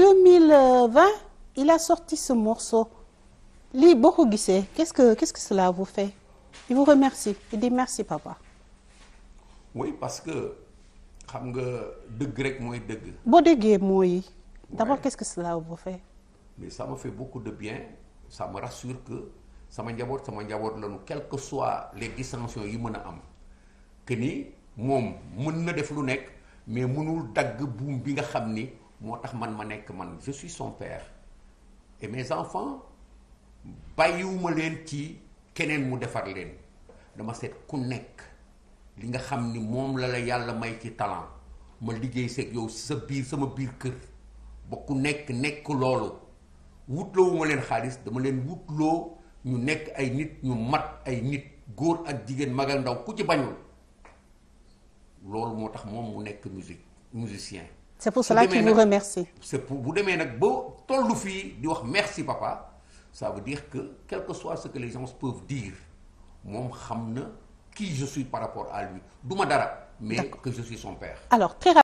2020 il a sorti ce morceau lii boo ko gisee qu'est-ce que qu'est-ce que cela vous fait il vous remercie il dit merci papa. oui parce que xam nga dëgg rek mooy dëgg. boo déggee mooy. d'abord qu'est-ce que cela vous fait. mais ça me fait beaucoup de bien ça me sama njaboot sama njaboot lañu quelque soit soient les dissensions yi mën a am que moom mën na def lu nekk mais mënul dagg buum bi nga xam ni. moo tax man ma nekk man je son père et mes enfants bàyyiwuma leen ci keneen mu defar leen dama seet ku nekk li nga xam ni moom la la yàlla may ci talent ma liggéey seeg yow sa biir sama biir kër ba ku nekk nekk loolu wutloowuma leen xaalis dama leen wutloo ñu nekk ay nit ñu mat ay nit góor ak jigéen mag ndaw ku ci bañul loolu moo tax moom mu nekk musique musicien c'est pour cela qu'il nous remercie. c'est pour bu demee nag ba tollu fii di wax merci papa ça veut dire que quel que soit ce que les gens peuvent dire moom xam na qui je suis par rapport à lui du ma dara. mais que je suis son père. Alors, très